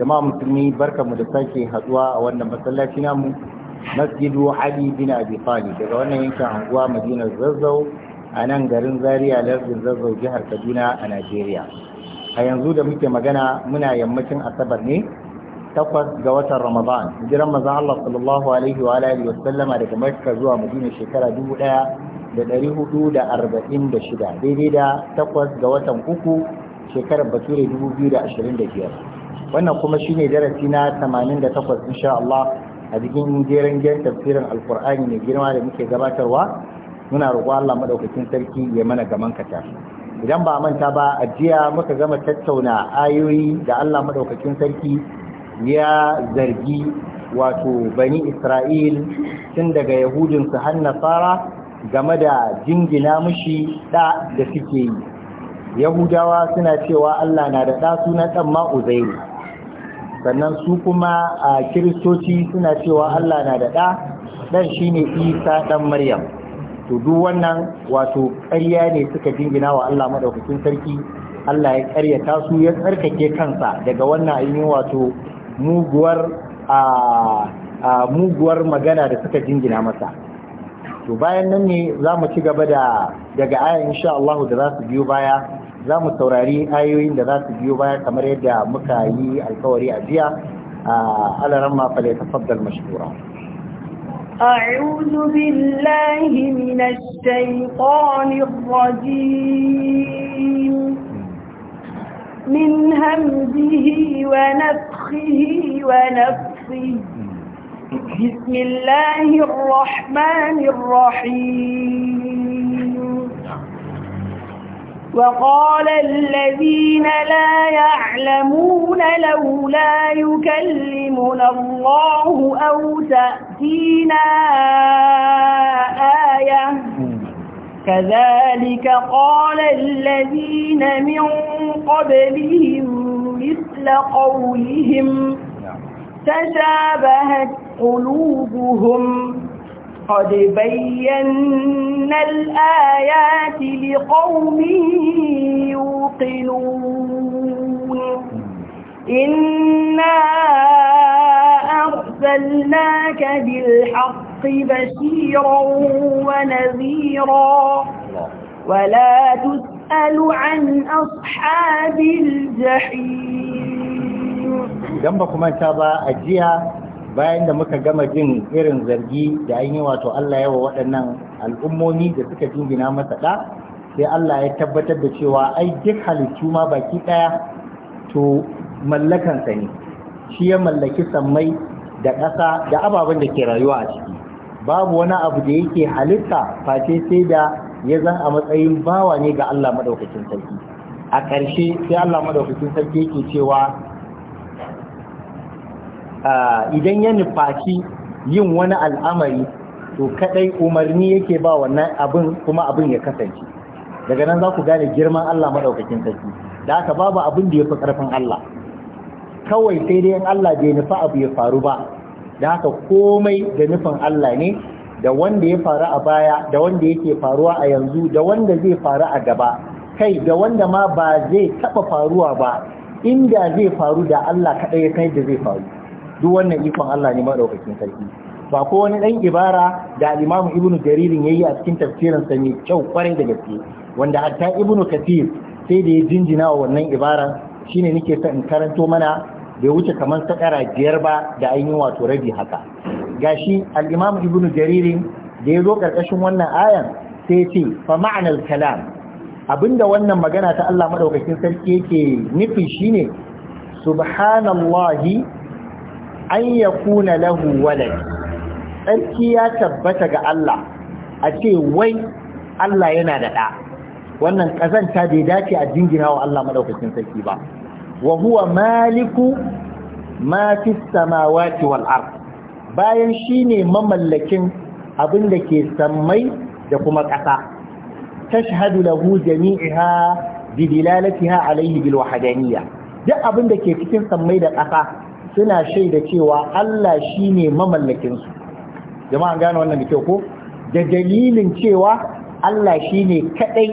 jama'a musulmi mu da sake haduwa a wannan masallaci namu masjidu ali bin abi talib daga wannan yankin anguwa madinar zazzau a nan garin zaria lardin zazzau jihar kaduna a najeriya a yanzu da muke magana muna yammacin asabar ne takwas ga watan ramadan hijiran mazan allah sallallahu alaihi wa alihi wa sallama daga makka zuwa madina shekara dubu daya da dari hudu da arba'in da shida daidai da takwas ga watan uku shekarar bature dubu biyu da ashirin da biyar wannan kuma shine darasi na 88 insha Allah a cikin jerin gen tafsirin alkur'ani mai girma da muke gabatarwa muna roƙo Allah madaukakin sarki ya mana gaman kata idan ba manta ba a jiya muka gama tattauna ayoyi da Allah maɗaukacin sarki ya zargi wato bani Isra'il tun daga yahudinsu har nasara game da jingina mushi da da suke yi yahudawa suna cewa Allah na da ɗa sunan ɗan ma'uzairu sannan su kuma a kiristoci suna cewa Allah na da ɗa ɗan shi ne Isa ɗan Maryam to duk wannan wato ƙarya ne suka jingina wa Allah maɗaukacin sarki Allah ya ƙaryata su ya tsarkake kansa daga wannan ainihin wato muguwar magana da suka jingina masa to bayan nan ne za mu ci gaba da daga aya insha Allah da za su biyo baya za mu saurari ayoyin da za su biyo baya kamar yadda muka yi alkawari a jiya a alaran ma fale tafaddal mashkura أعوذ بالله من الشيطان الرجيم من همزه ونفخه ونفخه بسم الله الرحمن الرحيم وقال الذين لا يعلمون لولا يكلمنا الله أو تأتينا آية كذلك قال الذين من قبلهم مثل قولهم نعم. تشابهت قلوبهم قد بينا الآيات لقوم يوقنون إنا أرسلناك بالحق بشيرا ونذيرا ولا تسأل عن أصحاب الجحيم جنبكم أنت أجيها bayan da muka gama jin irin zargi da an yi wato Allah yawa waɗannan al'ummomi da suka jingina masa ɗa sai Allah ya tabbatar da cewa ai duk halittu ma baki ɗaya to mallakansa ne shi ya mallaki sammai da ƙasa da ababen da ke rayuwa a ciki babu wani abu da yake halitta face sai da ya zan a matsayin bawa ne ga Allah madaukakin sarki a ƙarshe sai Allah madaukakin sarki yake cewa Ah, idan ya nufaci yin wani al'amari to kaɗai umarni yake ba wannan abin kuma abin ya kasance daga nan za ku gane girman Allah madaukakin sarki da haka babu abin da ya fi ƙarfin Allah kawai sai dai in Allah bai nufa abu ya faru ba da haka komai da nufin Allah ne da wanda ya faru a baya da wanda yake faruwa a yanzu da wanda zai faru a gaba kai da wanda ma ba zai taɓa faruwa ba inda zai faru da Allah kaɗai ya kai da zai faru duk wannan ikon Allah ne madaukakin sarki ba ko wani ɗan ibara da al-Imam Jaririn Jarir yayi a cikin tafsirin sa mai kyau kwarai da gaske wanda hatta Ibnu Kathir sai da ya jinjina wa wannan ibara shine nake son in karanto mana bai wuce kamar sakara biyar ba da an yi wato rabi haka gashi al-Imam Ibn Jarir da ya zo karkashin wannan ayan sai ya ce fa ma'anar kalam abinda wannan magana ta Allah madaukakin sarki yake nufi shine subhanallahi an yakuna lahu walad tsarki ya tabbata ga Allah a ce wai Allah yana da ɗa wannan ƙazanta bai dace a jingina wa Allah maɗaukacin sarki ba wa huwa maliku ma fi samawati wal ard bayan shine mamallakin abin da ke sammai da kuma ƙasa tashhadu lahu jami'iha bi dilalatiha alayhi bil wahdaniyya duk abin da ke cikin sammai da ƙasa suna shaida cewa Allah shine mamallakin su jama'an gane wannan da kyau ko da dalilin cewa Allah shi ne kadai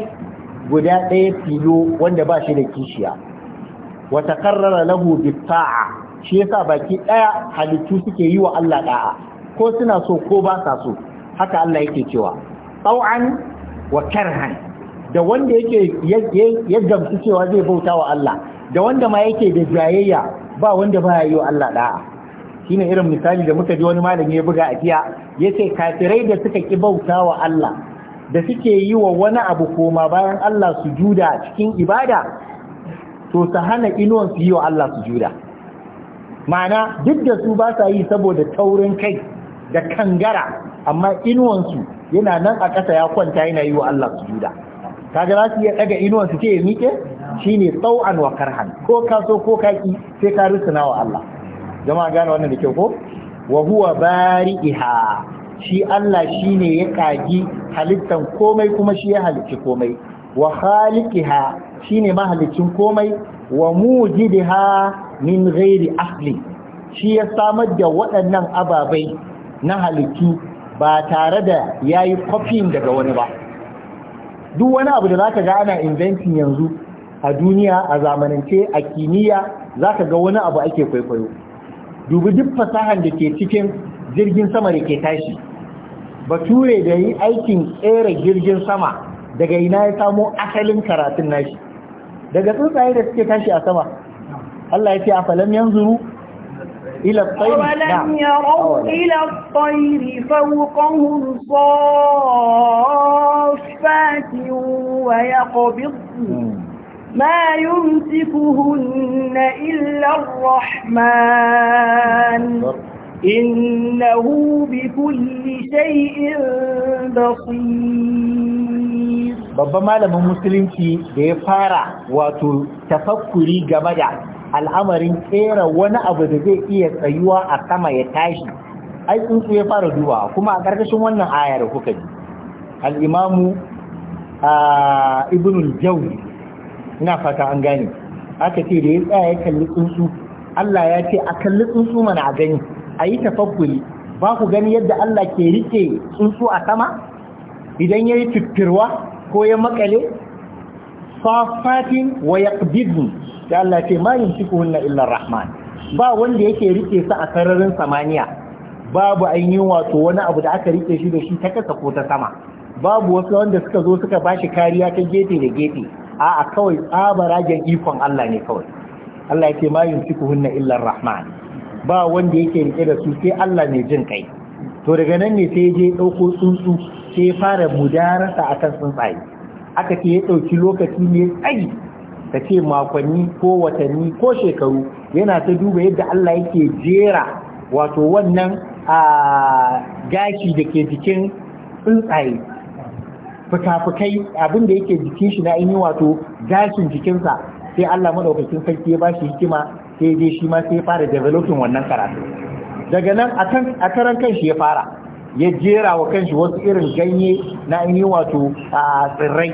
guda ɗaya filo wanda ba shi da kishiya Wata taqarrara lahu ta’a, shi yasa baki ɗaya halittu suke yi wa Allah da'a ko suna so ko ba sa so haka Allah yake cewa tsau'an wa karhan da wanda yake ya gamsu cewa zai bauta wa Allah da wanda ma yake da jayayya ba wanda ya yi wa Allah da'a shine irin misali da muka ji wani malami ya buga a Ya ce kafirai da suka ki bauta wa Allah da suke yi wa wani abu koma bayan Allah su juda cikin ibada to ta hana inuwan su yi wa Allah su juda. ma'ana duk da su ba sa yi saboda taurin kai da kangara amma inuwan su yana nan a ƙasa ya kwanta yana yi wa Allah juda kaga za su iya daga inuwan su ce ya miƙe Shi ne tsau'an wa karhan ko ka so ko ka ki sai ka rusuna wa Allah jama'a gane wannan da kyau ko wa huwa bari'iha shi Allah shi ne ya kagi halittan komai kuma shi ya halicci komai wa khaliqiha ne mahalicin komai wa mujidiha min ghairi ahli shi ya samar da waɗannan ababai na halittu ba tare da yayi kwafin daga wani ba duk wani abu da zaka ga ana inventing yanzu a duniya a zamanance a kimiyya za ka ga wani abu ake kwaikwayo dubi duk fasahan da ke cikin jirgin sama da ke tashi bature da yi aikin tsere jirgin sama daga ina ya samo asalin karatun nashi daga tsuntsaye da suke tashi a sama Allah ya ce a falam yanzuru إلى الطير أولم يروا إلى الطير فوقهم صافات ما يمسكهن إلا الرحمن إنه بكل شيء بصير babban malamin musulunci da ya fara wato tafakkuri game da al'amarin tsera wani abu da zai iya tsayuwa a sama ya tashi ai ya fara duba kuma a ƙarƙashin wannan ayar kuka ji al'imamu ah, ibnul jawzi ina fata an gane aka ce da ya tsaya ya kalli tsuntsu Allah ya ce a kalli tsuntsu mana a gani a yi tafakkuri ba ku gani yadda Allah ke rike tsuntsu a sama idan ya yi tuttirwa ko ya makale safatin wa yaqbidu da Allah ce ma yumsikuhunna illa rahman ba wanda yake rike su a sararin samaniya babu ainihin wato wani abu da aka rike shi da shi ta kasa ko ta sama babu wasu wanda suka zo suka bashi kariya ta gefe da gefe a'a kawai ragen ikon Allah ne kawai Allah yake ma hunna illa rahman ba wanda yake rike da su sai Allah ne jin kai to daga nan ne sai je dauko tsuntsu sai ya fara mudarasa akan tsuntsaye aka ce ya dauki lokaci ne tsayi ka ce makonni ko watanni ko shekaru yana ta duba yadda Allah yake jera wato wannan a ah, gashi da ke jikin tsuntsaye Fikafikai abin da yake jikin shi na yi wato gashin jikinsa sai Allah madaukakin sarki ya ba shi hikima sai je shi ma sai ya fara developing wannan karatu daga nan a karan kanshi ya fara ya jera wa kanshi wasu irin ganye na yi wato a tsirrai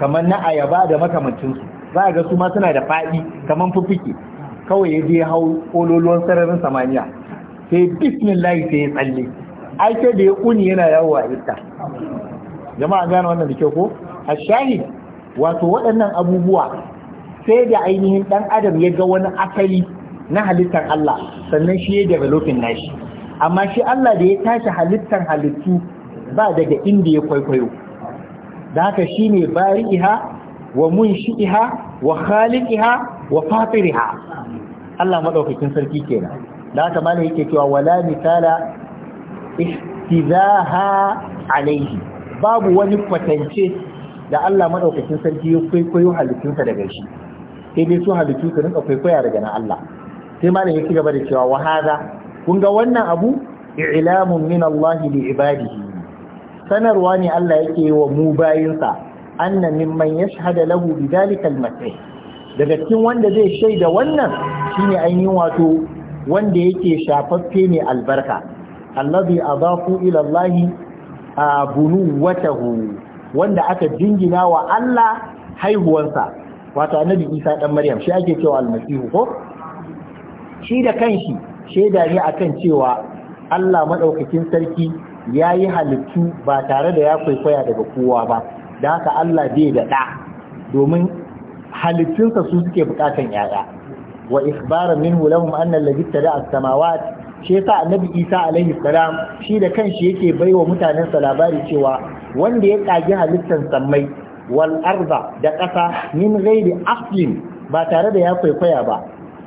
kamar na ayaba da makamancinsu za a ga su ma suna da faɗi kamar fuffuke kawai ya je hau kololuwan sararin samaniya sai bismillah sai ya tsalle ai da ya kuni yana yawo a iska jama'a gane wannan da kyau ko ashahid wato waɗannan abubuwa sai da ainihin ɗan adam ya ga wani asali na halittar Allah sannan shi ya developing nashi amma shi Allah da ya tashi halittar halittu ba daga inda ya kwaikwayo da haka shi ne bari'iha wa munshi'iha wa khaliqiha wa fatiriha Allah madaukakin sarki kenan da haka malai yake cewa wala misala ihtizaha alaihi babu wani kwatance da Allah madaukakin sarki ya kwaikwayo halittunsa daga shi sai dai su halittu su rinka kwaikwaya daga na Allah sai malam ya cigaba da cewa wa Kunga kun ga wannan abu i'lamun min Allah li ibadihi sanarwa ne Allah yake yi wa mu bayinsa anna mimman yashhadu lahu bidhalika al-masih daga cikin wanda zai shaida wannan shine ainihin wato wanda yake shafaffe ne albarka allazi adafu ila Allah bunuwatahu wanda aka jingina wa Allah haihuwansa wato annabi Isa dan Maryam shi ake cewa almasihu ko shi da kanshi shaida ne akan cewa Allah madaukakin sarki yayi halittu ba tare da ya kwaikwaya daga kowa ba da haka Allah bai da da domin halittunsa su suke bukatan yaya wa ikhbara minhu lahum anna alladhi tada'a as-samawati shi yasa annabi isa alaihi salam shi da kanshi yake baiwa sa labari cewa wanda ya kage halittar sammai wal arda da ƙasa min ghairi aslin ba tare da ya kwaikwaya ba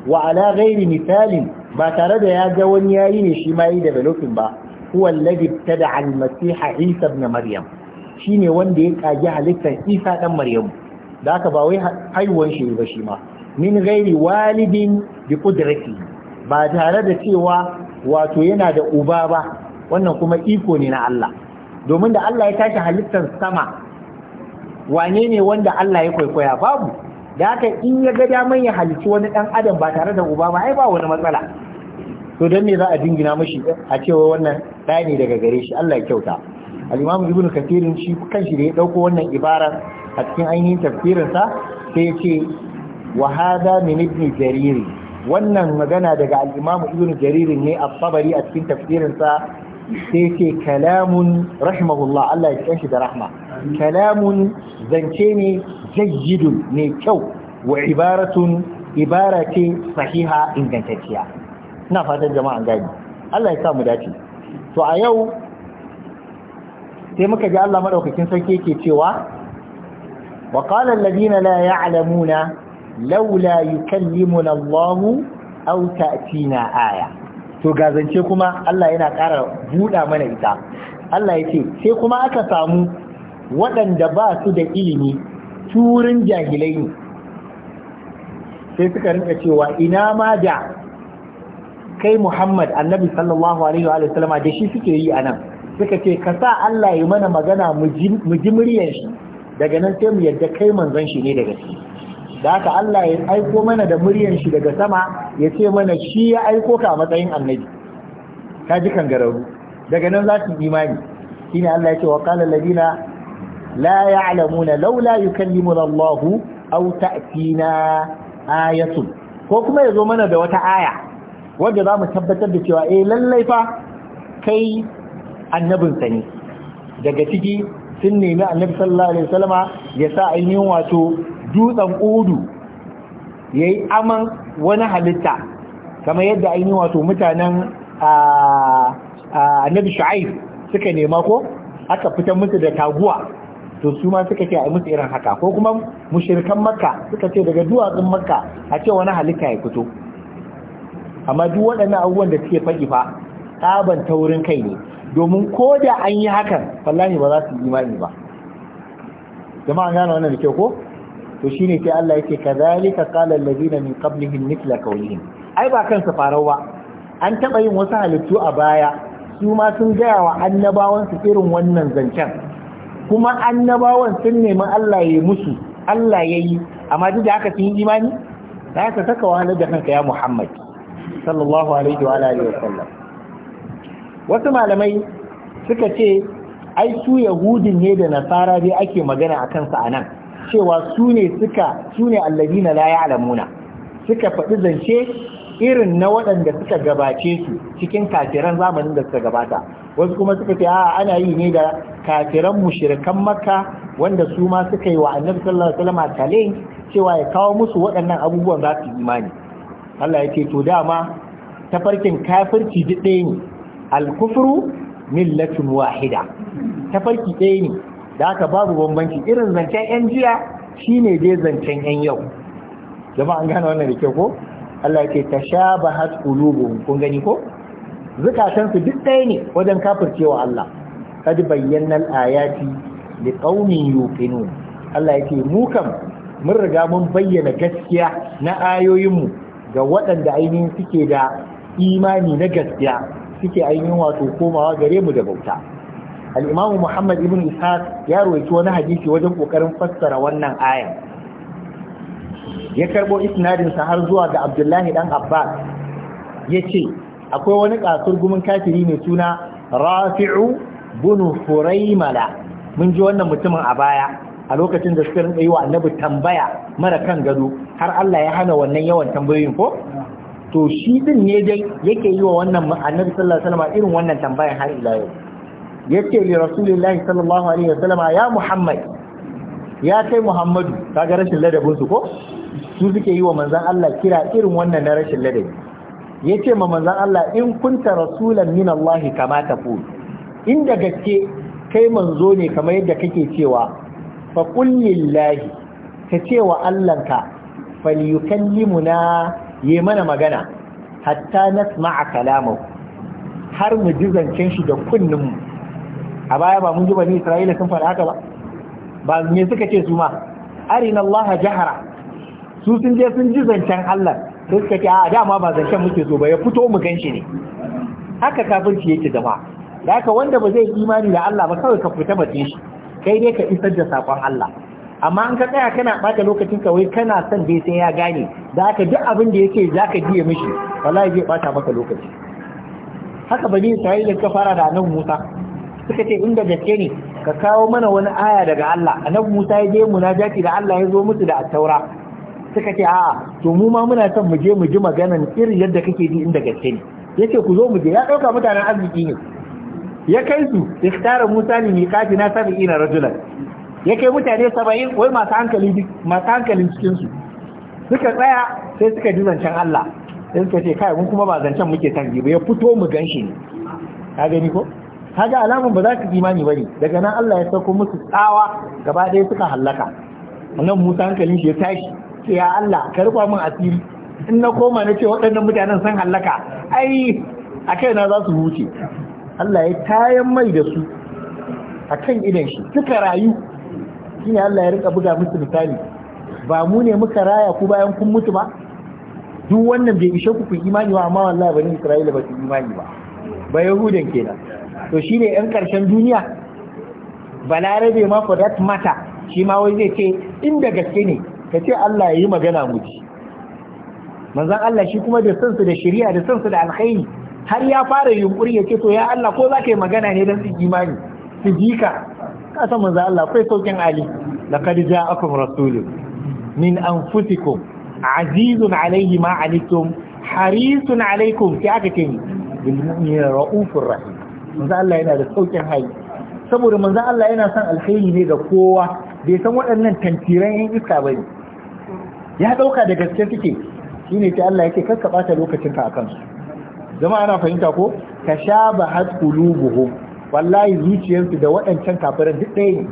wa ala ghairi misalin ba tare da ya ga wani yayi ne shi ma yi developing ba huwa alladhi ibtada al masiha isa ibn maryam shine wanda ya kage halittar isa dan maryam da haka ba wai haihuwan shi ba shi ma min ghairi walidin bi qudratihi ba tare da cewa wato yana da uba ba wannan kuma iko ne na Allah domin da Allah ya tashi halittar sama wane ne wanda Allah ya kwaikwaya babu da haka in ya ga daman ya halici wani dan adam ba tare da uba ba ai ba wani matsala to dan me za a dingina mashi a cewa wannan ɗaya ne daga gare shi Allah ya kyauta al-Imam Ibn Kathir shi kanshi da ya dauko wannan ibara a cikin ainihin tafsirinsa sai ya ce wa hadha min ibn jariri. wannan magana daga al-imamu ibn jarir ne a tabari a cikin tafsirinsa sai ce kalamun rahimahullah Allah ya ji shi da rahma kalamun zance ne jayyidun ne kyau wa ibaratun ibara ce sahiha ingantacciya ina fatan jama'an gani Allah ya sa mu dace to a yau sai muka ji Allah madaukakin sarki ke cewa wa qala alladhina la ya'lamuna laula yukallimuna Allahu aw ta'tina aya to gazance kuma Allah yana kara buɗa mana ita Allah ya ce sai kuma aka samu waɗanda ba su da ilimi turin jahilai ne sai suka rinka cewa ina ma da kai Muhammad annabi sallallahu alaihi wa sallama da shi suke yi anan. suka ce ka sa Allah ya mana magana mu ji muryar shi daga nan sai mu yadda kai manzon shi ne daga shi da haka Allah ya aiko mana da muryan shi daga sama ya ce mana shi ya aiko ka matsayin annabi ka ji kan gararu, daga nan za su imani shine Allah ya ce wa qala alladina la ya'lamuna laula yukallimuna Allah aw ta'tina ayatun ko kuma ya zo mana da wata aya wanda za mu tabbatar da cewa eh lallai fa kai annabinsa ne daga ciki sun nemi annabi sallallahu alaihi wasallama ya sa ainihin wato dutsen udu ya yi aman wani halitta kamar yadda ainihin wato mutanen annabi shu'aib suka nema ko aka fitar musu da taguwa to su ma suka ce a musu irin haka ko kuma mushirikan makka suka ce daga duwatsun makka a ce wani halitta ya fito amma duk waɗannan abubuwan da suke faɗi fa tsaban taurin kai ne domin ko da an yi hakan wallahi ba za su yi imani ba jama'a gane wannan da ke ko to shine sai Allah yake kazalika qala allazina min qablihim mithla qawlihim ai ba kansa farau ba an taba yin wasu halittu a baya su ma sun gaya wa annabawan su irin wannan zancen kuma annabawan sun nemi Allah ya musu Allah ya yi amma duk da haka sun yi imani da haka saka wahalar da kanka ya Muhammad sallallahu alaihi wa alihi wa sallam wasu malamai suka ce ai su yahudin ne da nasara dai ake magana a kansa a nan cewa su ne suka su ne alladina la ya'lamuna suka faɗi zance irin na waɗanda suka gabace su cikin kafiran zamanin da suka gabata wasu kuma suka ce a ana yi ne da kafiran mushrikan makka wanda su ma suka yi wa annabi sallallahu alaihi wasallam kale cewa ya kawo musu waɗannan abubuwan za su imani Allah ya ce to dama tafarkin kafirci duk ɗaya ne al-kufru millatun wahida tafarki ɗaya ne da haka babu bambanci irin zancen yan jiya shine dai zancen yan yau jama'a an gane wannan da ke ko Allah ya ce tashabahat qulubuhum kun gani ko zukatansu duk ɗaya ne wajen kafircewa Allah kad bayyana ayati li qaumin Allah ya ce mu kam mun riga mun bayyana gaskiya na ayoyinmu ga waɗanda ainihin suke da imani na gaskiya suke ainihin wato komawa gare mu da bauta al muhammad ibn ishaq ya rawaito wani hadisi wajen kokarin fassara wannan aya ya karɓo isnadin sa har zuwa ga abdullahi dan abbas ce, akwai wani kasur gumin kafiri mai suna rafi'u bin furaimala mun ji wannan mutumin a baya a lokacin da suka rinka yi wa annabi tambaya mara kan gado har Allah ya hana wannan yawan tambayoyin ko to shi din ne dai yake yi wa wannan annabi sallallahu alaihi wasallam irin wannan tambayan har ila yau yace li rasulillahi sallallahu alaihi wasallama ya muhammad ya kai muhammadu kaga rashin ladabin su ko su suke yi wa manzon Allah kira irin wannan na rashin ladabi yace ma manzon Allah in kunta rasulan min Allah kama in inda gaske kai manzo ne kamar yadda kake cewa fa kullillahi ka ce wa Allahnka falyukallimuna yi mana magana hatta nasma'a kalamahu har mu ji zancen shi da mu. a baya ba mun ji bani isra'ila sun faɗa haka ba ba me suka ce su ma arina allaha jahara su sun je sun ji zancen allah sai suka ce a dama ba zancen muke so ba ya fito mu gan shi ne haka kafirci yake jama'a da haka wanda ba zai imani da Allah ba kawai ka fita bace shi kai dai ka isar da sakon Allah amma in ka tsaya kana bata lokacin ka wai kana son dai sai ya gane da haka duk abin da yake zaka biye mishi wallahi zai bata maka lokaci haka bani Isra'ila ka fara da nan Musa suka ce inda gaske ne ka kawo mana wani aya daga Allah annabi Musa ya je munajati da Allah ya zo musu da attaura suka ce a'a to mu ma muna son mu je mu ji maganan irin yadda kake ji inda gaske ne yace ku zo mu je ya dauka mutanen arziki ne ya kai su ikhtara Musa ni miqati na sab'ina rajulan ya kai mutane 70 wai masu hankali masu hankalin cikin su suka tsaya sai suka ji zancen Allah sai suka ce kai mun kuma ba zancen muke san ba ya fito mu ganshi ne ka gani ko kaga alamun ba za ka imani bane daga nan Allah ya sauko musu tsawa gaba ɗaya suka hallaka Nan Musa hankalin shi ya tashi ce ya Allah ka rufa min asiri in na koma na ce waɗannan mutanen sun hallaka ai a kai na za su huce Allah ya tayan mai da su a kan idan shi suka rayu shine Allah ya rika buga musu misali ba mu ne muka raya ku bayan kun mutu ba duk wannan bai ishe ku ku imani ba amma wallahi bani Isra'ila ba su imani ba ba Yahudan kenan to shi ne yan ƙarshen duniya balarabe ma for that matter shi ma wai zai ce inda gaske ne ka ce Allah ya yi magana mu ji Allah shi kuma da sansu da shari'a da sansu da alkhairi har ya fara yunkuri ya ce to ya Allah ko za ka yi magana ne don su imani su ji ka kasa manzan Allah kai saukin ali laqad ja'akum rasulun min anfusikum azizun alayhi ma anittum harisun alaykum. sai aka ce bil mu'minina raufur rahim manzo Allah yana da saukin hali saboda manzo Allah yana son alkhairi ne ga kowa bai san waɗannan tantiran yan iska bane ya ɗauka da gaske suke shine ta Allah yake kakka ɓata lokacin ka akan su jama'a ana fahimta ko tashabahat buhu wallahi zuciyarsu da waɗancan kafiran duk ɗaya ne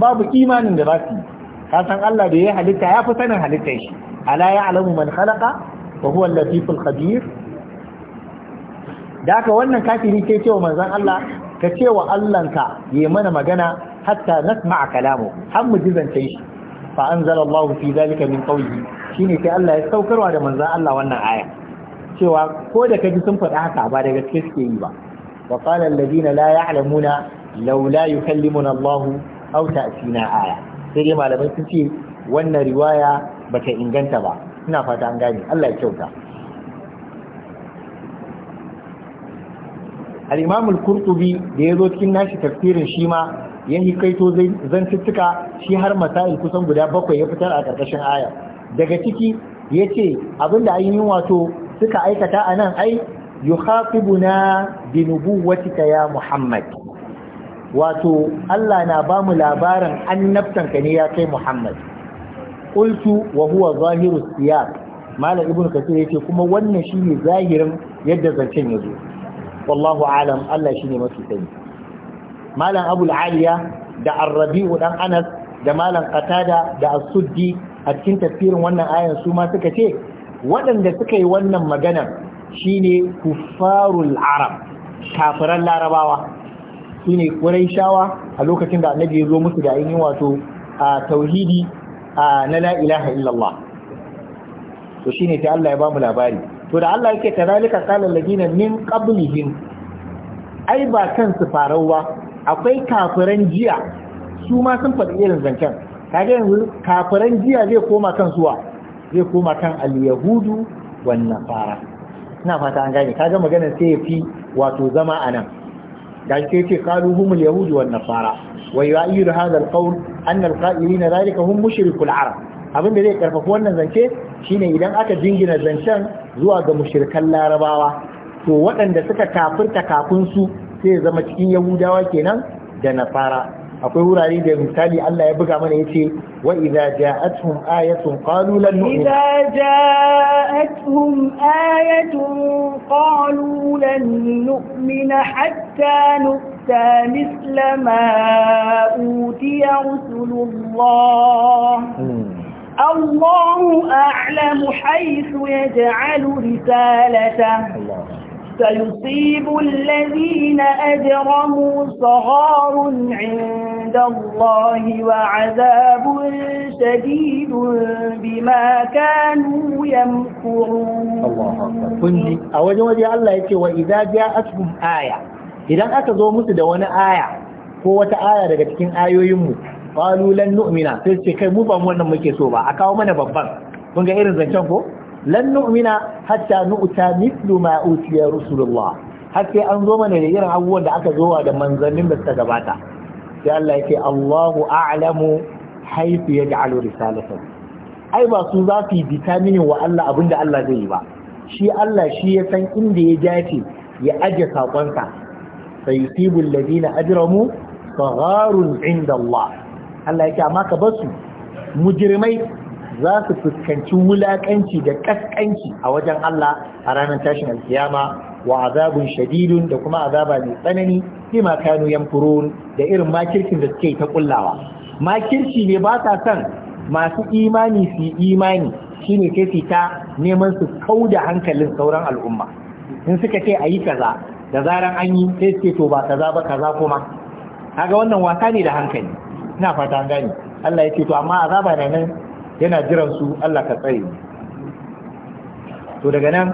babu imanin da za su yi ka san Allah da ya halitta ya fi sanin halittar shi ala ya alamu man khalaqa wa huwa al-latiful khabir da aka wannan kafiri ke cewa manzan Allah ka ce cewa Allahnka yi mana magana hatta na nasma'a kalamu har mu jizance shi fa Allah fi zalika min Shi ne sai Allah ya saukarwa da manzon Allah wannan aya cewa ko da kaji sun faɗa haka ba da gaske suke yi ba wa qala alladhina la ya'lamuna laula yukallimuna Allah aw ta'tina aya sai dai malamai sun ce wannan riwaya bata inganta ba ina fata an gane Allah ya kyauta al-imam al da da zo cikin nashi tafsirin shi ma ya hikaito zantuttuka shi har masail kusan guda bakwai ya fitar a ƙarƙashin aya daga ciki yace abinda ainihin wato suka aikata a nan ai na bi nubuwwatika ya muhammad wato Allah na ba mu labarin annabtanka ne ya kai Muhammad ultu wa huwa zahiru siyaq malam ibnu kasir ce kuma wannan shine zahirin yadda zancen ya zo. wallahu alam Allah shine mafi sani malam abul aliya da arrabi'u dan anas da malam qatada da as-suddi a cikin tafsirin wannan ayan su ma suka ce waɗanda suka yi wannan maganar shine kuffarul arab kafiran larabawa shine quraishawa a lokacin da annabi ya zo musu da yin wato a tauhidi na la ilaha illallah to shine ta Allah ya bamu labari to da Allah yake kazalika qala alladina min qablihim ai ba kansu farau ba akwai kafiran jiya su ma sun faɗi irin zancen kaga yanzu kafiran jiya zai koma kan suwa zai koma kan al-yahudu wan nasara ina fata an gane kaga magana sai ya fi wato zama anan gashi sai ce qalu humul yahudu wan nasara wa yu'ayyidu hadha al-qawl anna al-qa'ilina dhalika hum mushrikul arab abin da zai karfafa wannan zance shine idan aka jingina zancen zuwa ga mushirkan larabawa to waɗanda suka kafirta kafin su sai zama cikin yahudawa kenan da nasara akwai wurare da misali Allah ya buga mana yace wa idza ja'atuhum ayatun qalu lan nu'mina idza ja'atuhum ayatun qalu lan nu'mina hatta nu'ta ma utiya rusulullah hmm. الله أعلم حيث يجعل رسالته سيصيب الذين أجرموا صغار عند الله وعذاب شديد بما كانوا يمكرون الله أكبر أولا وجه الله يقول وإذا جاءتهم آية إذا أتضوا مثل دون آية هو آية لكتكين آية يموت qalu lan nu'mina sai ce kai mu ba wannan muke so ba a kawo mana babban kun ga irin zancen ko lan nu'mina hatta nu'ta mithlu ma utiya rasulullah har sai an zo mana da irin abubuwan da aka zo da manzannin da suka gabata sai Allah yake Allahu a'lamu haythu yaj'alu risalatahu ai ba su za su yi bitaminin wa Allah abinda Allah zai yi ba shi Allah shi ya san inda ya dace ya aje sakonsa sayusibu alladhina ajramu sagharun inda Allah Allah yake amma ka basu mujirmai za su fuskanci wulakanci da kaskanci a wajen Allah a ranar tashin alkiyama wa azabun shadidun da kuma azaba mai tsanani bima kanu yamkurun da irin makirkin da suke ta kullawa makirci ne ba ta son masu imani su imani shine sai su ta neman su kauda hankalin sauran al'umma in suka ce a yi kaza da zaran an yi sai su ce to ba kaza ba kaza kuma kaga wannan wasa ne da hankali ina fata an gane Allah ya ce to amma azaba ne nan yana jiran su Allah ka tsare to daga nan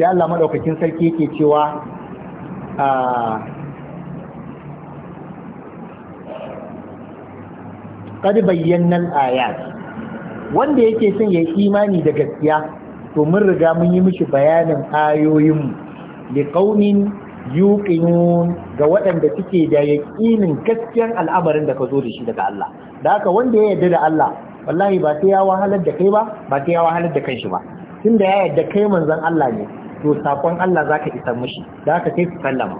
sai Allah madaukakin sarki yake cewa a qad bayyana al-ayat wanda yake son ya imani da gaskiya to mun riga mun yi mishi bayanin ayoyin mu liqaumin yuqinun ga waɗanda suke da yaqinin gaskiyar al'amarin da ka zo da shi daga Allah da haka wanda ya yarda da Allah wallahi ba sai ya wahalar da kai ba ba sai ya wahalar da kanshi ba tunda ya yarda kai manzon Allah ne to sakon Allah zaka isar mishi da haka sai su sallama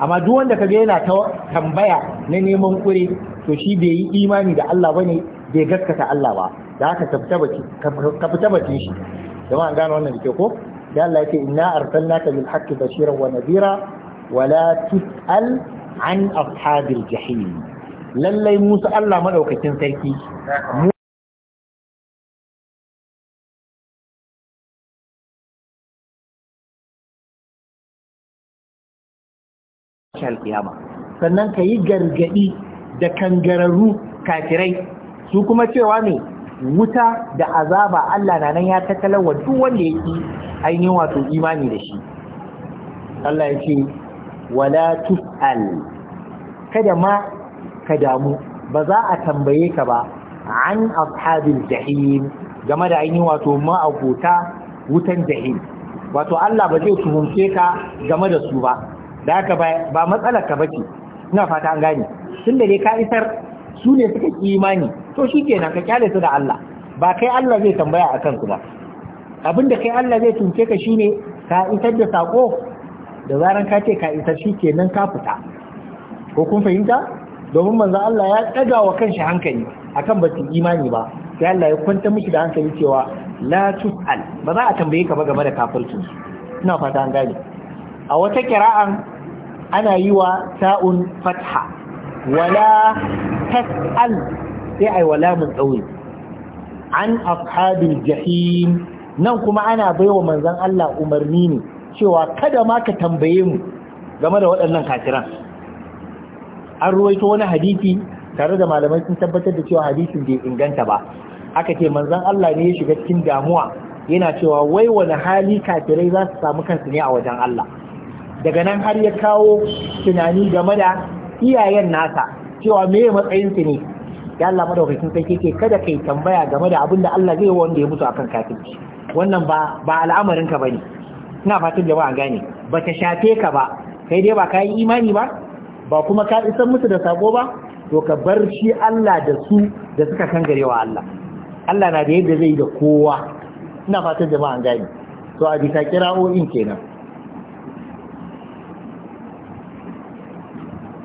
amma duk wanda kaga yana ta tambaya na neman kure to shi bai yi imani da Allah bane bai gaskata Allah ba da haka ka fita bakin shi jama'a gane wannan da ke ko da Allah ya ce inna arsalnaka bil haqqi bashiran wa nadira wala tus'al an ashabil jahim lallai musu Allah madaukakin sarki alkiyama sannan ka yi gargadi da kangararru kafirai su kuma cewa ne wuta da azaba Allah na nan ya takalawa duk wanda ya ki ainihin wato imani da shi Allah ya ce wala tus'al kada ma ka damu ba za a tambaye ka ba an ashabil jahim game da ainihin wato ma'abuta wutan jahim wato Allah ba zai tuhumce ka game da su ba da haka ba matsalar ka bace ina fata an gane tun da dai ka isar su ne suka ki imani to shi shikenan ka kyale su da Allah ba kai Allah zai tambaya a su ba abinda kai Allah zai tunce ka shine ka isar da sako da zaran ka ce ka isa shi kenan ka fita ko kun fahimta domin manzo Allah ya ɗaga wa kanshi hankali akan ba su imani ba sai Allah ya kwanta miki da hankali cewa la tus'al ba za a tambaye ka ba game da kafircin ina fata an gane a wata kira'an ana yi wa ta'un fatha wala tas'al sai ai wala mun tsauri an ashabil jahim nan kuma ana baiwa manzon Allah umarni ne cewa kada ma ka tambaye mu game da waɗannan kafiran an ruwaito wani hadisi tare da malamai sun tabbatar da cewa hadisin bai inganta ba aka ce manzon Allah ne ya shiga cikin damuwa yana cewa wai wani hali kafirai za su samu kansu ne a wajen Allah daga nan har ya kawo tunani game da iyayen nasa cewa ya matsayin su ne ya Allah madaukakin sarki ce kada kai tambaya game da abinda Allah zai yi wanda ya mutu akan kafirci wannan ba ba al'amarin ka bane ina fatan jama'a gane ba ta shafe ka ba kai dai ba ka yi imani ba ba kuma ka isar musu da sako ba to ka bar shi Allah da su da suka kangarewa Allah Allah na da yadda zai da kowa ina fatan jama'a gane to a bisa kira'o'in kenan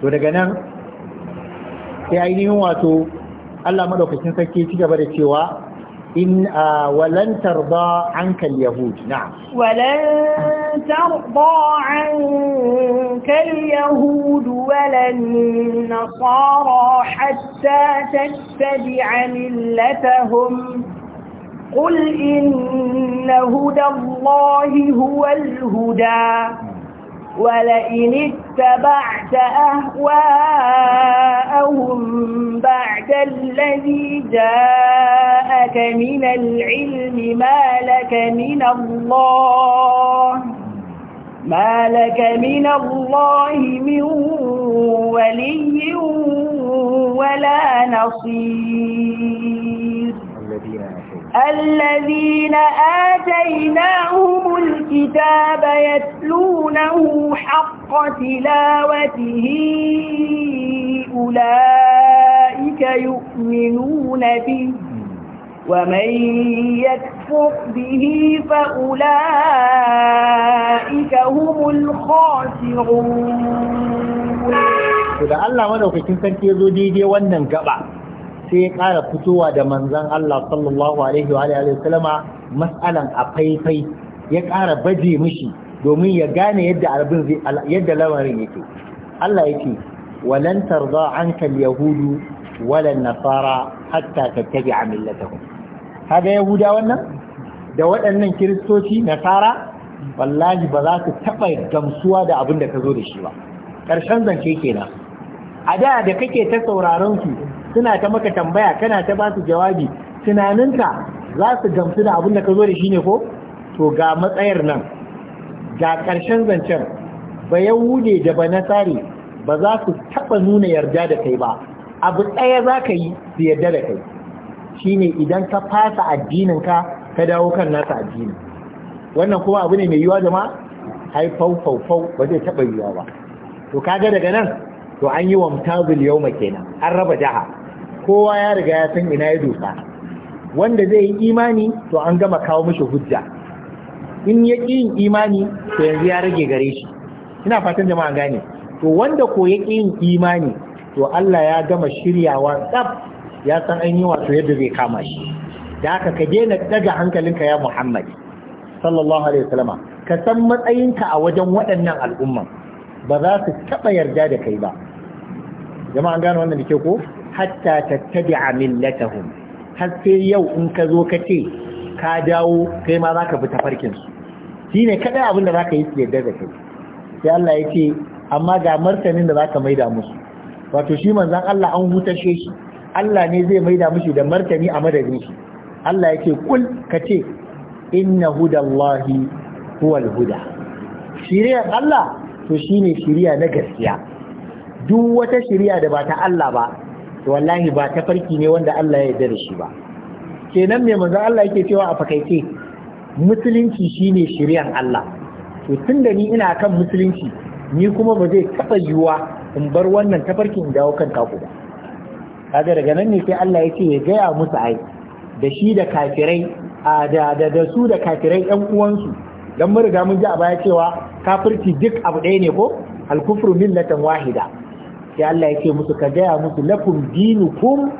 to daga nan sai ainihin wato Allah madaukakin sarki ci gaba da cewa إن آه ولن ترضى عنك اليهود نعم ولن ترضى عنك اليهود ولا النصارى حتى تتبع ملتهم قل إن هدى الله هو الهدى ولئن اتبعت أهواءهم بعد الذي جاءك من العلم ما لك من الله ما لك من الله من ولي ولا نصير الذين الذين آتيناهم الكتاب يتلونه حق تلاوته أولئك يؤمنون به ومن يكفر به فأولئك هم الخاسرون. فلعل ما لو كنت تنتظر دي دي ونن sai ya ƙara fitowa da manzan Allah sallallahu alaihi wa alihi wasallama mas'alan a faifai ya ƙara baje mishi domin ya gane yadda yadda lamarin yake Allah yake walan tarda anka yahudu wala nasara hatta tattabi'a millatahum kaga yahuda wannan da waɗannan kiristoci nasara wallahi ba za su taɓa gamsuwa da abin da ka zo da shi ba ƙarshen zance kenan a da da kake ta sauraron su suna ta maka tambaya kana ta ba su jawabi tunaninka za su gamsu da abin da ka zo da shi ne ko to ga matsayar nan ga ƙarshen zancen ba wude da ba na tsari ba za su taɓa nuna yarda da kai ba abu ɗaya za ka yi su yarda da kai Shi ne idan ka fasa addininka ka dawo kan nasa addini wannan kuma abu ne mai yiwa da ma fau fau fau ba zai taɓa yiwa ba to kaga daga nan to an yi wa mutazul yau kenan an raba jaha kowa ya riga ya san ina ya dosa wanda zai yi imani to an gama kawo mishi hujja in ya ƙi yin imani to yanzu ya rage gare shi ina fatan jama'a gane to wanda ko ya ƙi yin imani to Allah ya gama shiryawa tsaf ya san an yi wato yadda zai kama shi da haka ka daina daga hankalinka ya Muhammad sallallahu alaihi wasallama ka san matsayinka a wajen waɗannan al'umma ba za su taɓa yarda da kai ba jama'a gane wannan da ke ko hatta a millatahum har sai yau in ka zo ka ce ka dawo kai ma zaka fita farkinsu. Shi ne kadai abin da ka yi su yadda da kai sai Allah ya ce amma ga martanin da zaka maida musu wato shi manzon Allah an hutashe shi Allah ne zai maida mushi da martani a madadin shi Allah ya ce kul ka ce inna hudallahi huwal huda shiriyar Allah to shine shiriya na gaskiya duk wata shiriya da ba ta Allah ba to wallahi ba ta farki ne wanda Allah ya yarda da shi ba kenan me manzo Allah yake cewa a fakaice musulunci shine shari'ar Allah to tunda ni ina kan musulunci ni kuma ba zai taba yiwa in bar wannan tafarkin in dawo kan kaku ba kaga daga nan ne sai Allah ya ce ya gaya musu ai da shi da kafirai da da, su da kafirai ɗan uwansu dan mun riga mun ji a baya cewa kafirci duk abu ɗaya ne ko al-kufru millatan wahida sai Allah ya ce musu ka gaya musu lakum dinukum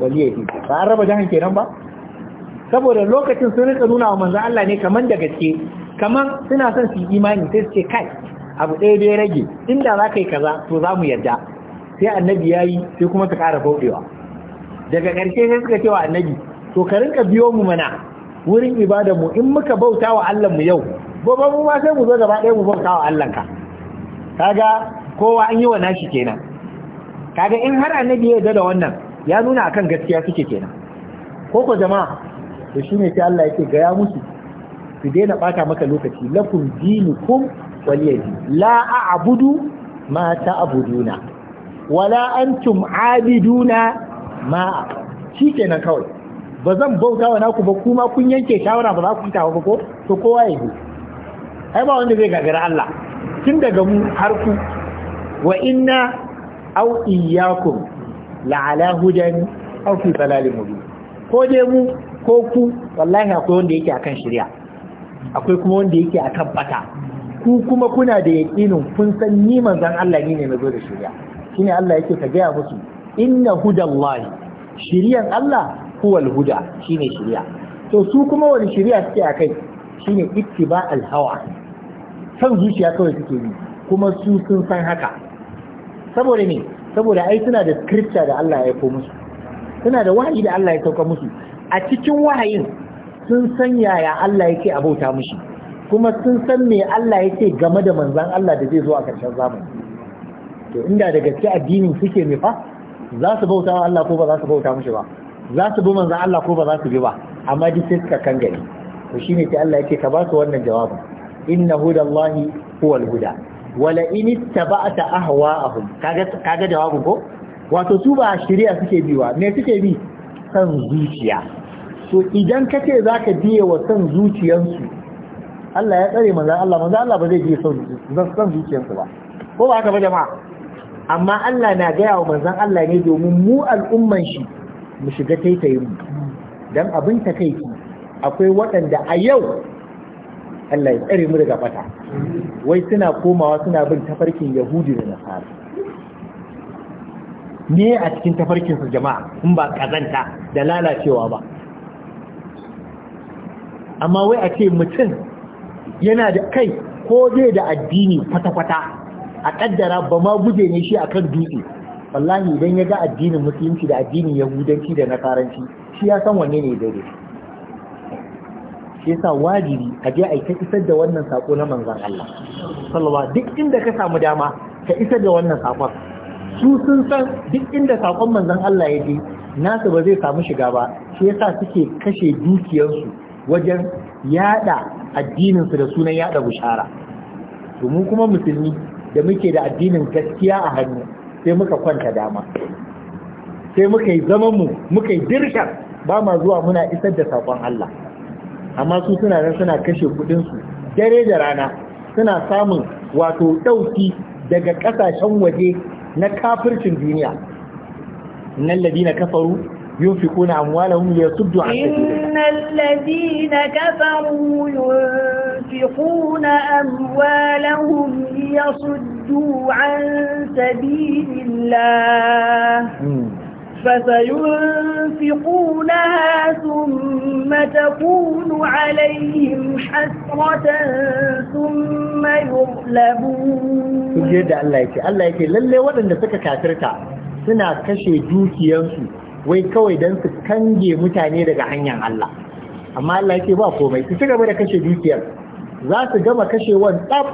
waliyadi ba an raba jahan kenan ba saboda lokacin sun rika nuna wa manzan Allah ne kaman da gaske kaman suna son su imani sai su ce kai abu ɗaya da ya rage inda za ka yi kaza to za mu yarda sai annabi ya yi sai kuma ta ƙara bauɗewa daga ƙarshe sai suka cewa annabi to ka rinka biyo mu mana wurin ibada mu in muka bauta wa Allah mu yau gobe mu ma sai mu zo gaba ɗaya mu bauta wa Allah ka kaga kowa an yi wa nashi kenan kaga in har annabi ya yarda da wannan ya nuna akan gaskiya suke kenan ko ko jama'a to shine sai Allah yake gaya musu su daina bata maka lokaci lakum dinukum waliyadi la a'budu ma ta'buduna wala antum abiduna ma shikenan kawai ba zan bauta wa naku ba kuma kun yanke shawara ba za ku fita ba ko to kowa ya ai ba wanda zai gagara Allah tun daga mu har ku wa inna aw la ala hudan aw fi dalalin mubin ko dai mu ko ku wallahi akwai wanda yake akan shari'a akwai kuma wanda yake akan bata ku kuma kuna da yaqinin kun san ni manzon Allah ne na zo da shari'a shine Allah yake ka gaya musu inna hudallahi shari'an Allah huwal huda shine shari'a to su kuma wani shari'a suke akai shine ittiba al hawa san zuciya kawai suke yi kuma su sun san haka saboda ne, saboda ai suna da scripture da Allah ya aiko musu suna da wahayi da Allah ya sauka musu a cikin wahayin sun san yaya Allah yake abota mushi kuma sun san me Allah yake game da manzan Allah da zai zo a ƙarshen zamani to inda da gaske addinin suke ne fa za su bauta wa Allah ko ba za su bauta mushi ba za su bi manzan Allah ko ba za su bi ba amma duk sai suka kangare to shine sai Allah yake ka ba su wannan jawabi inna hudallahi huwal huda wala in ittaba'ta ahwa'ahum kaga kaga jawabu ko wato su ba shari'a suke biwa me suke bi san zuciya to idan kace zaka biye wa san zuciyansu Allah ya tsare manzan Allah manzan Allah ba zai biye san zuciyansu ba ko ba haka ba jama'a amma Allah na gaya wa manzan Allah ne domin mu al'umman shi mu shiga taitayin mu dan abin takeici akwai waɗanda a yau Allah ya tsare mu daga fata wai suna komawa suna bin tafarkin yahudi da nasara ne a cikin tafarkin su jama'a in ba kazanta da lalacewa ba amma wai a ce mutum yana da kai ko zai da addini kwata-kwata a kaddara ba ma guje ne shi a kan dutse wallahi idan ya ga addinin musulunci da addinin yahudanci da nasaranci shi ya san wanne ne daidai shi yasa wajibi a je a ta isar da wannan sako na manzan Allah sallallahu duk inda ka samu dama ka isar da wannan sakon su sun san duk inda sakon manzan Allah ya je nasu ba zai samu shiga ba shi yasa suke kashe dukiyarsu wajen yada addininsu da sunan yada bushara to mu kuma musulmi da muke da addinin gaskiya a hannu sai muka kwanta dama sai muka yi zaman mu muka yi dirkar ba ma zuwa muna isar da sakon Allah amma su suna nan suna kashe kuɗinsu dare da rana suna samun wato ɗauki daga ƙasashen waje na kafircin duniya nan ladina kafaru ينفقون أموالهم ليصدوا عن سبيل الله فسينفقونها ثم تكون عليهم حسرة ثم يغلبون كجير da Allah yake Allah yake lalle waɗanda suka kafirta suna kashe dukiyansu wai kawai don su kange mutane daga hanyar Allah amma Allah yake ba komai su ci gaba da kashe dukiyar za su gama kashewan tsaf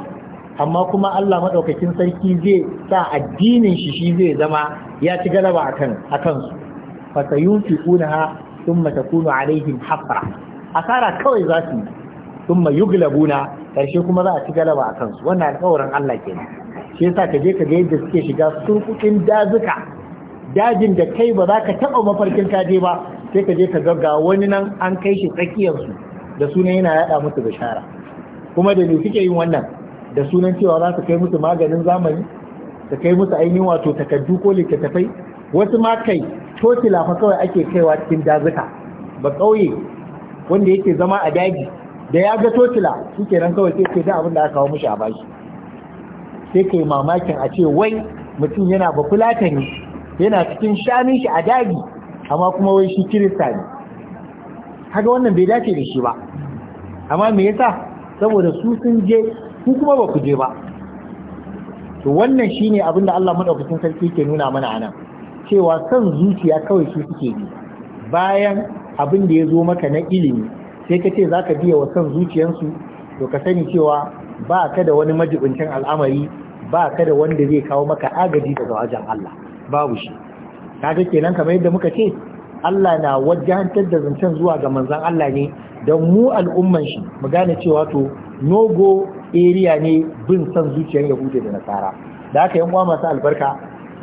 amma kuma Allah maɗaukakin sarki zai sa addinin shi shi zai zama ya ci galaba akan akan su fa sayunfiqunaha thumma takunu alaihim asara kawai za su thumma yuglabuna ƙarshe kuma za a ci galaba a kansu, wannan alƙawarin Allah kenan shi yasa ka je ka ga yadda suke shiga surkukin dazuka dajin da kai ba za ka taɓa mafarkin ka je ba sai ka je ka ga ga wani nan an kai shi tsakiyarsu da sunan yana yaɗa musu bishara kuma da me suke yin wannan da sunan cewa za su kai musu maganin zamani su kai musu ainihin wato takardu ko littattafai wasu ma kai tocila fa kawai ake kaiwa cikin dazuka ba ƙauye wanda yake zama a daji da ya ga tocila shi kenan kawai sai ce da abin da aka kawo mishi a bashi sai kai mamakin a ce wai mutum yana ba ne yana cikin shanin shi a daji amma kuma wai shi kirista ne kaga wannan bai dace da shi ba amma me yasa saboda su sun je ku kuma ba ku je ba to wannan shine abin da Allah madaukakin sarki ke nuna mana anan cewa san zuciya kawai shi suke bi bayan abin da ya zo maka na ilimi sai ka ce za biya wa san zuciyansu to ka sani cewa ba ka da wani majibincin al'amari ba ka da wanda zai kawo maka agaji daga wajen Allah babu shi kaga kenan kamar yadda muka ce Allah na wajahantar da zancen zuwa ga manzon Allah ne don mu al'umman shi mu gane cewa to no go Eriya ne bin son zuciyar yahudi da nasara da haka yan uwa masu albarka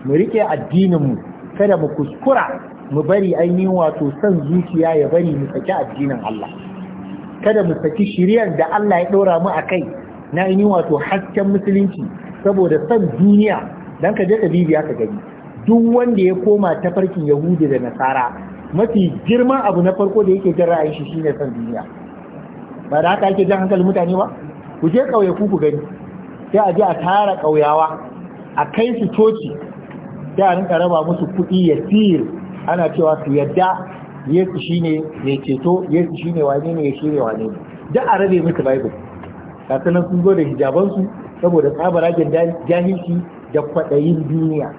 mu rike addinin mu kada mu kuskura mu bari ainihin wato san zuciya ya bari mu saki addinin Allah kada mu saki shiriyar da Allah ya ɗora mu a kai na ainihin wato hasken musulunci saboda son duniya dan ka je ka bibiya ka gani duk wanda ya koma ta farkin yahudi da nasara mafi girman abu na farko da yake jin ra'ayin shi shine san duniya ba da haka ake jan hankalin mutane ba ku je ƙauye ku ku gani sai a je a tara ƙauyawa a kai su coci sai a rinka raba musu kuɗi ya siyir ana cewa su yadda yesu ne mai ceto yesu ne wane ne ya shirya wane ne Da a rabe musu bible kasanan sun zo da hijabansu saboda tsabaragen jahilci da kwaɗayin duniya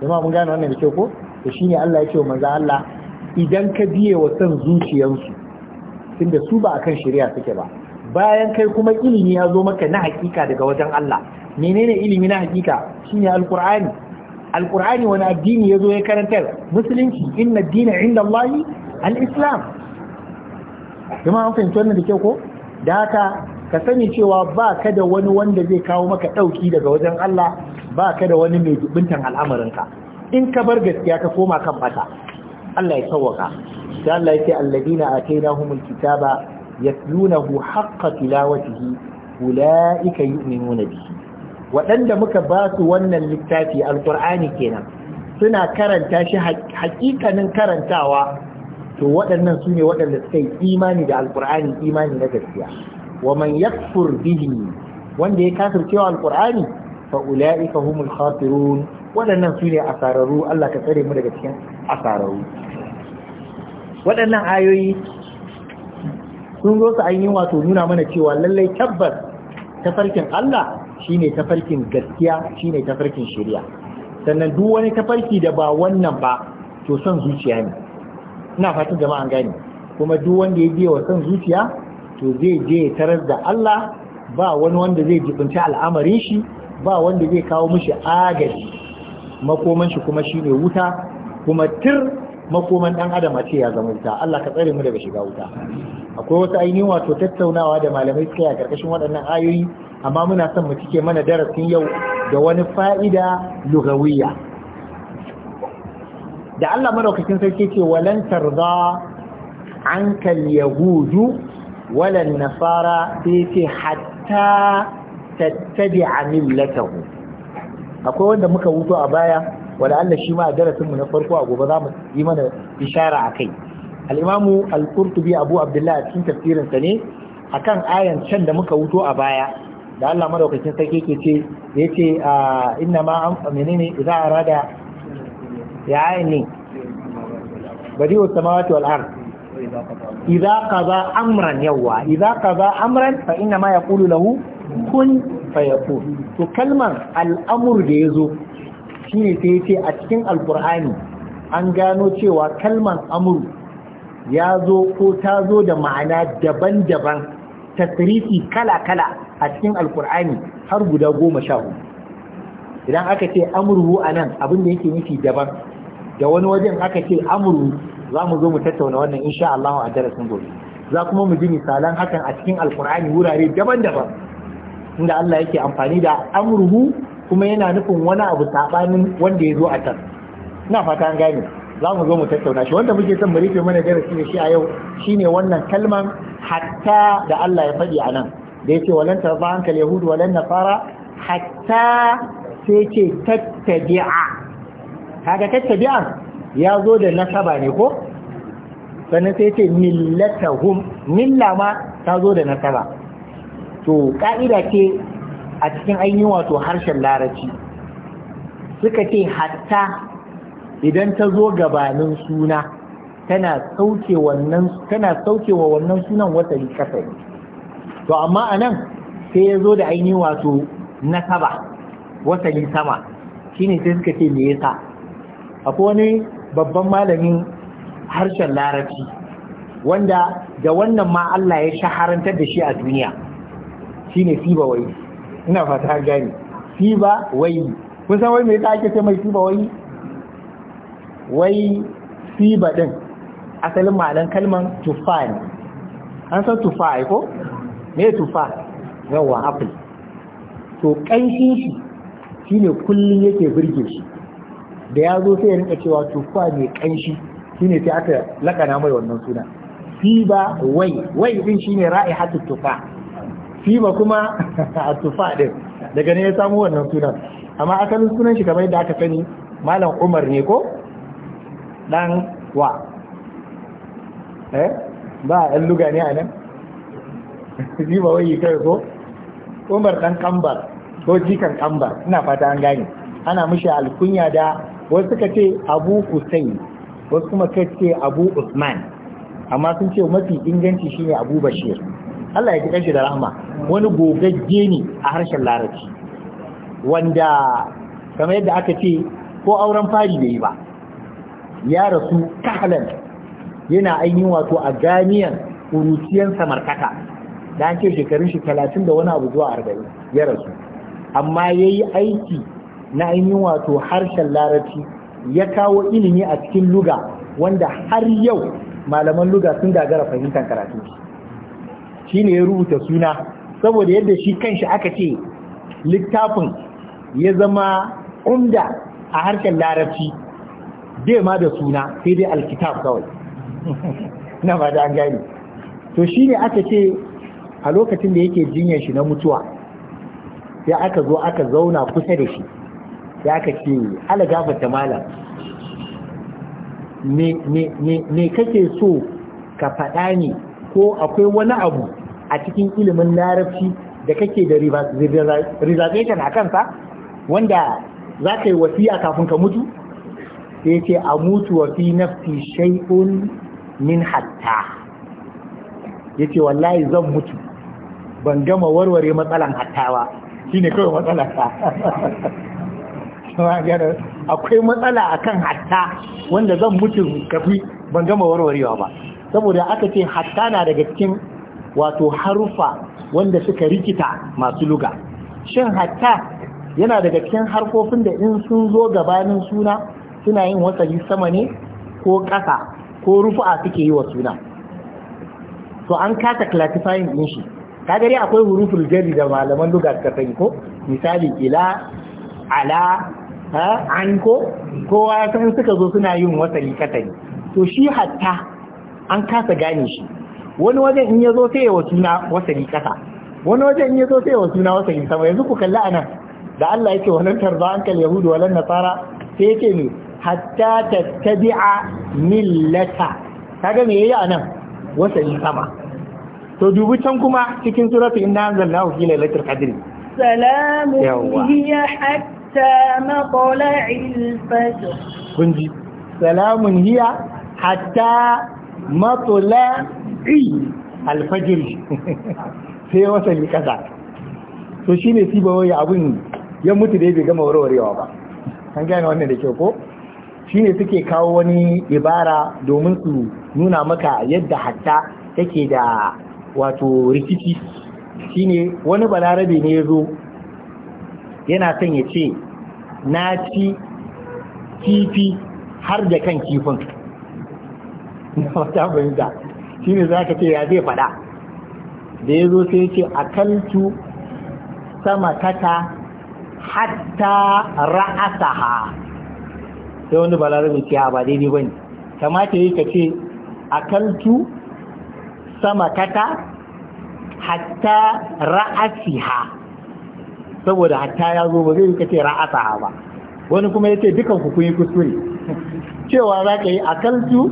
jama'a mun gane wannan da kyau ko shi ne Allah ya ce wa manzo Allah idan ka biye wa san zuciyarsu tunda su ba a kan shari'a suke ba bayan kai kuma ilimi ya zo maka na hakika daga wajen Allah menene ilimi na hakika shine alqur'ani alqur'ani wani addini ya zo ya karantar musulunci inna dina inda Allah al-islam kuma an fahimci wannan da kyau ko da haka ka sani cewa ba ka da wani wanda zai kawo maka ɗauki daga wajen Allah ba ka da wani mai jibintan al'amarinka in ka bar gaskiya ka koma kan bata Allah ya sauwaka sai Allah ya ce alladina atainahumul kitaba yatlunahu haqqa tilawatihi ulaika yu'minuna bihi waɗanda muka basu wannan littafi alqur'ani kenan suna karanta shi haƙiƙanin karantawa to waɗannan su waɗanda suka yi imani da alqur'ani imani na gaskiya wa man yakfur bihi wanda ya kafircewa alqur'ani fa ulaika humul khasirun waɗannan su ne asararu Allah ka tsare mu daga cikin asararu waɗannan ayoyi sun zo su ainihin wato nuna mana cewa lallai tabbas tafarkin Allah shine tafarkin gaskiya shine tafarkin shari'a sannan duk wani tafarki da ba wannan ba to son zuciya ne ina fatan jama'a gane kuma duk wanda ya biya wa son zuciya to zai je tarar da Allah ba wani wanda zai jibinci al'amarin shi ba wanda zai kawo mishi agaji makoman shi kuma shine wuta kuma tir makoman ɗan adam a ce ya zama wuta Allah ka tsare mu daga shiga wuta akwai wasu ainihin wato tattaunawa da malamai suka yi a karkashin waɗannan ayoyi amma muna son mu cike mana darasin yau da wani fa'ida lugawiyya da Allah madaukakin sarki ce walan tarza anka yahudu walan nasara sai ce hatta tattabi'a millatahu akwai wanda muka wuto a baya wala Allah shi ma a darasin mu na farko a gobe za mu yi mana ishara a kai? imamu al-qurtubi abu a cikin tafsirin ne akan ayan can da muka wuto a baya da Allah madaukakin sarki ke ce yace ah, inna ma menene idza arada ya aini badi'u samawati wal ard idza qaza amran yawa idza qaza amran fa inna ma yaqulu lahu kun fayakun to kalman al'amur da yazo shi ne sai ce a cikin alkur'ani an gano cewa kalman amuru ya zo ko ta zo da ma'ana daban-daban tasrifi kala-kala a cikin alkur'ani har guda goma sha hudu idan aka ce amurhu a nan abin da yake nufi daban da wani wajen aka ce amurhu za mu zo mu tattauna wannan insha Allah a darasin gobe za kuma mu ji misalan hakan a cikin alkur'ani wurare daban-daban inda Allah yake amfani da amurhu kuma yana nufin wani abu sabanin wanda ya zo a can ina fata an gane za mu zo mu tattauna shi wanda muke son mu rufe mana darasi da shi a yau shine wannan kalman hatta da Allah ya faɗi a nan da yake walan tarfa hankal yahudu walan nasara hatta sai ce tattabi'a kaga tattabi'a ya zo da nasaba ne ko sannan sai ce millatahum milla ma ta zo da nasaba to ka'ida ce a cikin ainihin wato harshen laraci, suka ce hatta idan ta zo gabanin suna tana sauke wannan wa wannan sunan wasali ne to amma a nan, sai ya zo da ainihin wato nasaba wasali sama shine sai suka ce me yasa akwai wani babban malamin harshen larabci wanda da wannan ma Allah ya shaharantar da shi a duniya shine Sibawai ina fata har gani siba wayi kun san wai mai yasa ake ce mai siba wayi wai siba din asalin malan kalman tufa ne an san tufa ai ko me tufa yawa apple to kanshin shi shine kullun yake birge shi da ya zo sai ya rinka cewa tufa mai kanshi shine sai aka lakana mai wannan suna siba wai wai din shine ra'ihatut tufa fima kuma a tufa ɗin, daga ne ya samu wannan sunan amma asalin sunan shi kamar yadda aka sani malam umar ne ko dan wa eh ba ɗan luga ne a nan shi ba wai kai ko umar ɗan kambar ko jikan kambar ina fata an gane ana mishi alkunya da wasu suka ce abu hussein wasu kuma kai ce abu usman amma sun ce mafi inganci shine abu bashir Allah ya ji kanshi da rahama wani gogagge ne a harshen larabci wanda kamar yadda aka ce ko auren fari bai yi ba ya rasu kahalan yana ainihin wato a ganiyan urusiyan samarkaka da an ce shekarun shi talatin da wani abu zuwa arba'in ya rasu amma ya yi aiki na ainihin wato harshen larabci ya kawo ilimi a cikin luga wanda har yau malaman luga sun gagara fahimtar karatu Shi ne ya rubuta suna saboda yadda shi kanshi aka ce littafin ya zama umda a harkar larabci bai ma da suna sai dai alkitab kawai na ba da an gani to shi ne aka ce a lokacin da yake jinyar shi na mutuwa sai aka zo aka zauna kusa da shi sai aka ce ala ta malam me kake so ka faɗa ne ko akwai wani abu a cikin ilimin larabci da kake da reservation a kansa wanda za ka yi wasiya kafin ka mutu sai ce a mutu wa fi nafsi shay'un min hatta yace wallahi zan mutu ban gama warware matsalan hattawa shine kawai matsalar ta akwai matsala akan hatta wanda zan mutu kafi ban gama warwarewa ba saboda aka ce hatta na daga cikin wato harufa wanda suka rikita masu luga shin hatta yana daga cikin harkofin da in sun zo gabanin suna suna yin wasali sama ne ko ƙasa ko rufu'a suke yi wa suna to an kasa classifying din shi kaga akwai huruful jari da malaman luga suka sani ko misali ila ala ha an ko kowa san suka zo suna yin wasali katani to shi hatta an kasa gane shi wani wajen in yazo sai ya suna wasali kasa wani wajen in yazo sai ya suna wasali sama yanzu ku kalla anan da Allah yake wannan tarza ankal yahudu walan nasara sai yake ne hatta tattabi'a millata kaga me yayi anan wasali sama to dubi can kuma cikin suratu inna anzalnahu fi lailatul qadr salamu hiya hatta matla'il fajr kunji salamun hiya hatta matla'il alfajiri sai wasan yi kasa to shi ne siba ya abin ya mutu da ya bai gama warwarewa ba an gane wannan da ke ko shi ne suke kawo wani ibara domin su nuna maka yadda hatta take da wato rikici shi ne wani balarabe ne ya zo yana son ya ce na ci kifi har da kan kifin na wata fahimta ne za ka ce ya zai faɗa da ya zo sai ya ce kaltu sama kata hatta ra'asaha sai wani balarabe ce ba daidai ba ne kamata yi ka ce a kaltu sama kata hatta ha saboda hatta ya zo ba zai yi ka ce ra'asaha ba wani kuma ya ce dukan ku kun yi kuskure cewa za ka yi a kaltu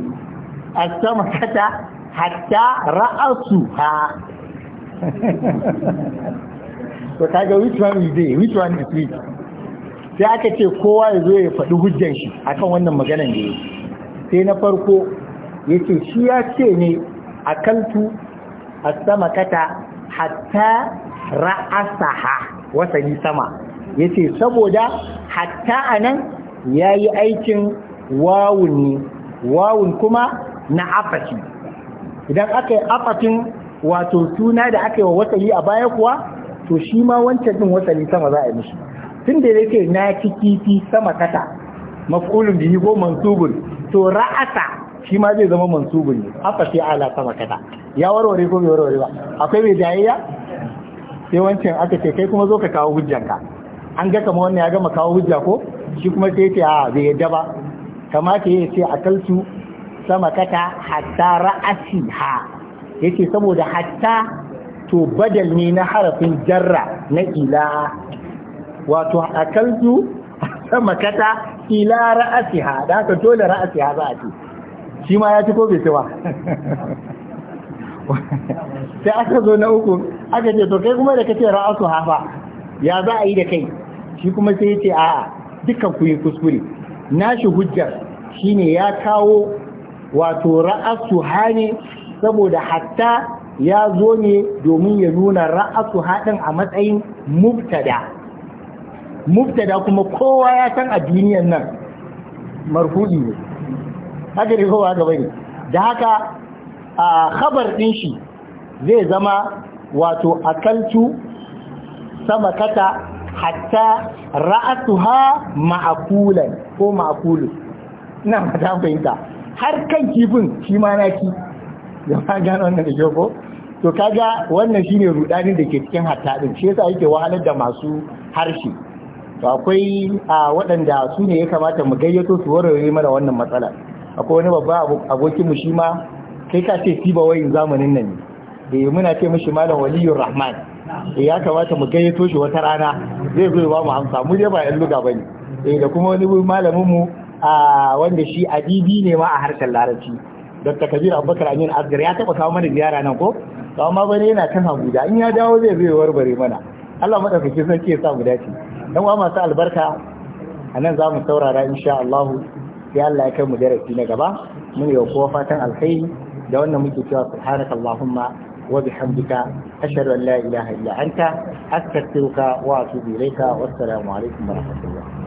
a sama kata hatta ra'asu ha, to kaga which one is day which one is sai aka ce kowa ya zo ya faɗi hujjan shi akan wannan maganan da ya sai na farko ya ce shi ya ce ne akaltu sama kata hatta ra'asaha ni sama Yace saboda hatta anan ya yi aikin wawun ne wawun kuma na afashi idan aka yi afafin wato suna da aka yi wa wasali a baya kuwa to shi ma wancan din wasali sama za a yi mishi tun da yake na kifi sama kata maf'ulun bihi ko mansubun to ra'asa shi ma zai zama mansubun ne afafi ala sama kata ya warware ko bai warware ba akwai mai jayayya sai wancan aka ce kai kuma zo ka kawo hujjanka an ga kamar wannan ya gama kawo hujja ko shi kuma sai ce a bai yadda ba kamata ya ce a kaltu sama kata hatta ra'asiha yake saboda hatta to badal ne na harafin jarra na ila. wato akalzu sama kata ila ra'asiha da haka dole ra'asiha za a ce shi ma ya ci ko bai ci ba sai aka zo na uku aka ce to kai kuma da kace ra'asu hafa ya za a yi da kai shi kuma sai ya ce a'a dukkan ku yi kuskure nashi hujjar shine ya kawo wato ra'asu hani saboda hatta ya zo ne domin ya nuna ra'asu haɗin a matsayin mubtada mubtada kuma kowa ya san a duniyan nan marfu'i ne haka da kowa gaba ne da haka a khabar ɗin shi zai zama wato akaltu sama kata hatta ra'atuha ma'akulan ko ma'akulu ina mata fahimta har kan kifin shi ma naki da ma gano wannan da ko to kaga wannan shine rudanin da ke cikin hatta din shi yasa yake wahalar da masu harshe to akwai a waɗanda su ne ya kamata mu gayyato su warware mana wannan matsala akwai wani babba abokin mu shi ma kai ka ce tiba wayin zamanin nan ne eh muna ce mishi malam waliyur rahman da eh, ya kamata mu gayyato shi wata rana zai zo ba mu amsa mu dai ba yan luga bane ne, eh, da kuma wani malamin mu wanda shi adibi ne ma a harkar larabci dr kabir abubakar amin asgar ya taba kawo mana ziyara nan ko to amma bane yana kan abuja in ya dawo zai zai warware mana allah madaukakin sarki ya sa mu dace dan uwa masu albarka a nan za mu saurara insha allah sai allah ya kai mu darasi na gaba mun yi kowa fatan alkhairi da wannan muke cewa subhanaka allahumma wa bihamdika ashhadu an la ilaha illa anta astaghfiruka wa atubu ilayka wassalamu alaikum wa rahmatullah